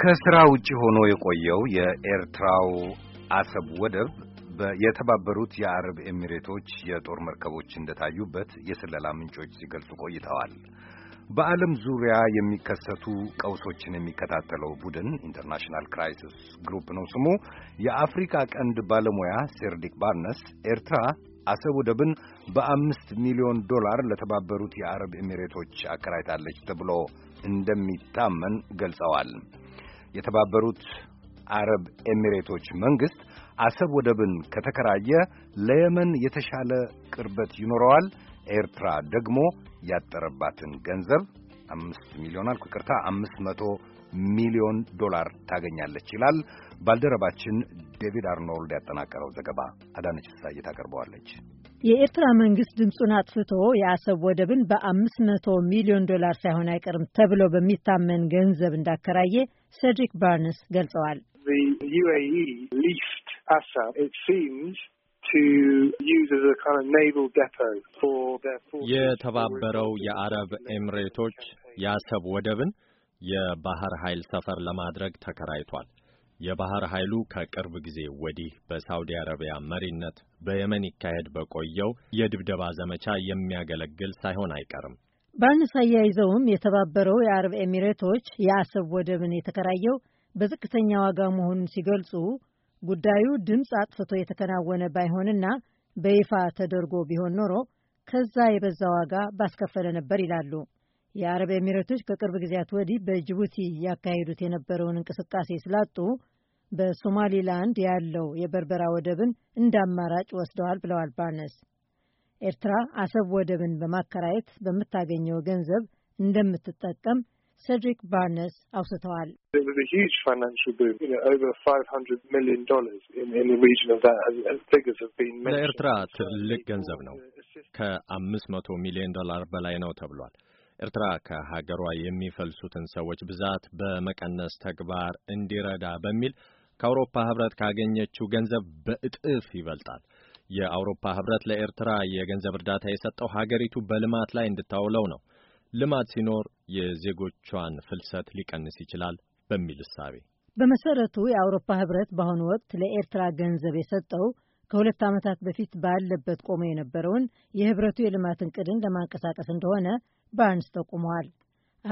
ከስራ ውጪ ሆኖ የቆየው የኤርትራው አሰብ ወደብ የተባበሩት የአረብ ኤሚሬቶች የጦር መርከቦች እንደታዩበት የስለላ ምንጮች ሲገልጹ ቆይተዋል። በዓለም ዙሪያ የሚከሰቱ ቀውሶችን የሚከታተለው ቡድን ኢንተርናሽናል ክራይሲስ ግሩፕ ነው ስሙ። የአፍሪካ ቀንድ ባለሙያ ሴርዲክ ባርነስ ኤርትራ አሰብ ወደብን በአምስት ሚሊዮን ዶላር ለተባበሩት የአረብ ኤሚሬቶች አከራይታለች ተብሎ እንደሚታመን ገልጸዋል። የተባበሩት አረብ ኤሚሬቶች መንግስት አሰብ ወደብን ከተከራየ ለየመን የተሻለ ቅርበት ይኖረዋል። ኤርትራ ደግሞ ያጠረባትን ገንዘብ አምስት ሚሊዮን አልኩ ይቅርታ፣ አምስት መቶ ሚሊዮን ዶላር ታገኛለች ይላል ባልደረባችን ዴቪድ አርኖልድ ያጠናቀረው ዘገባ። አዳነች ሳየት ታቀርበዋለች። የኤርትራ መንግስት ድምፁን አጥፍቶ የአሰብ ወደብን በ500 ሚሊዮን ዶላር ሳይሆን አይቀርም ተብሎ በሚታመን ገንዘብ እንዳከራየ ሴድሪክ ባርነስ ገልጸዋል። e የተባበረው የአረብ ኤምሬቶች የአሰብ ወደብን የባህር ኃይል ሰፈር ለማድረግ ተከራይቷል። የባህር ኃይሉ ከቅርብ ጊዜ ወዲህ በሳውዲ አረቢያ መሪነት በየመን ይካሄድ በቆየው የድብደባ ዘመቻ የሚያገለግል ሳይሆን አይቀርም። ባንስ አያይዘውም የተባበረው የአረብ ኤሚሬቶች የአሰብ ወደብን የተከራየው በዝቅተኛ ዋጋ መሆኑን ሲገልጹ ጉዳዩ ድምፅ አጥፍቶ የተከናወነ ባይሆንና በይፋ ተደርጎ ቢሆን ኖሮ ከዛ የበዛ ዋጋ ባስከፈለ ነበር ይላሉ። የአረብ ኤሚሬቶች ከቅርብ ጊዜያት ወዲህ በጅቡቲ ያካሄዱት የነበረውን እንቅስቃሴ ስላጡ በሶማሊላንድ ያለው የበርበራ ወደብን እንደ አማራጭ ወስደዋል ብለዋል ባርነስ። ኤርትራ አሰብ ወደብን በማከራየት በምታገኘው ገንዘብ እንደምትጠቀም ሴድሪክ ባርነስ አውስተዋል። ለኤርትራ ትልቅ ገንዘብ ነው። ከአምስት መቶ ሚሊዮን ዶላር በላይ ነው ተብሏል። ኤርትራ ከሀገሯ የሚፈልሱትን ሰዎች ብዛት በመቀነስ ተግባር እንዲረዳ በሚል ከአውሮፓ ህብረት ካገኘችው ገንዘብ በእጥፍ ይበልጣል። የአውሮፓ ህብረት ለኤርትራ የገንዘብ እርዳታ የሰጠው ሀገሪቱ በልማት ላይ እንድታውለው ነው። ልማት ሲኖር የዜጎቿን ፍልሰት ሊቀንስ ይችላል በሚል እሳቤ በመሰረቱ የአውሮፓ ህብረት በአሁኑ ወቅት ለኤርትራ ገንዘብ የሰጠው ከሁለት ዓመታት በፊት ባለበት ቆሞ የነበረውን የህብረቱ የልማት እቅድን ለማንቀሳቀስ እንደሆነ ባርንስ ጠቁመዋል።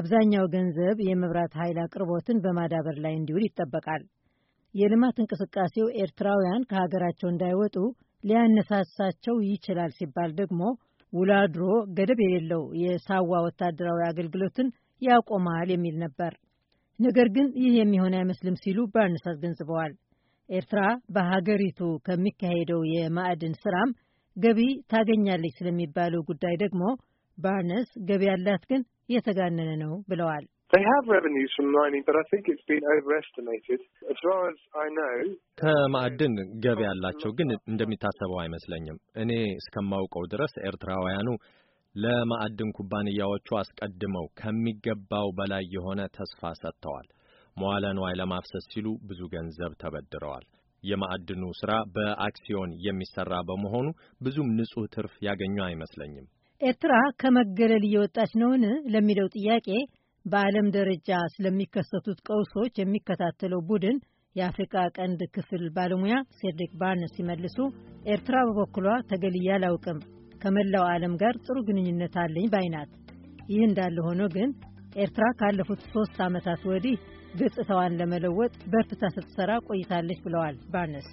አብዛኛው ገንዘብ የመብራት ኃይል አቅርቦትን በማዳበር ላይ እንዲውል ይጠበቃል። የልማት እንቅስቃሴው ኤርትራውያን ከሀገራቸው እንዳይወጡ ሊያነሳሳቸው ይችላል ሲባል ደግሞ ውላድሮ ገደብ የሌለው የሳዋ ወታደራዊ አገልግሎትን ያቆማል የሚል ነበር። ነገር ግን ይህ የሚሆን አይመስልም ሲሉ ባርንስ አስገንዝበዋል። ኤርትራ በሀገሪቱ ከሚካሄደው የማዕድን ስራም ገቢ ታገኛለች ስለሚባለው ጉዳይ ደግሞ ባርነስ ገቢ ያላት ግን እየተጋነነ ነው ብለዋል። ከማዕድን ገቢ ያላቸው ግን እንደሚታሰበው አይመስለኝም። እኔ እስከማውቀው ድረስ ኤርትራውያኑ ለማዕድን ኩባንያዎቹ አስቀድመው ከሚገባው በላይ የሆነ ተስፋ ሰጥተዋል። መዋለ ንዋይ ለማፍሰስ ሲሉ ብዙ ገንዘብ ተበድረዋል። የማዕድኑ ስራ በአክሲዮን የሚሰራ በመሆኑ ብዙም ንጹህ ትርፍ ያገኙ አይመስለኝም። ኤርትራ ከመገለል እየወጣች ነውን ለሚለው ጥያቄ በዓለም ደረጃ ስለሚከሰቱት ቀውሶች የሚከታተለው ቡድን የአፍሪቃ ቀንድ ክፍል ባለሙያ ሴድሪክ ባርነስ ሲመልሱ ኤርትራ በበኩሏ ተገልዬ አላውቅም፣ ከመላው ዓለም ጋር ጥሩ ግንኙነት አለኝ ባይናት ይህ እንዳለ ሆኖ ግን ኤርትራ ካለፉት ሦስት ዓመታት ወዲህ ገጽታዋን ለመለወጥ በርትታ ስትሰራ ቆይታለች ብለዋል ባርነስ።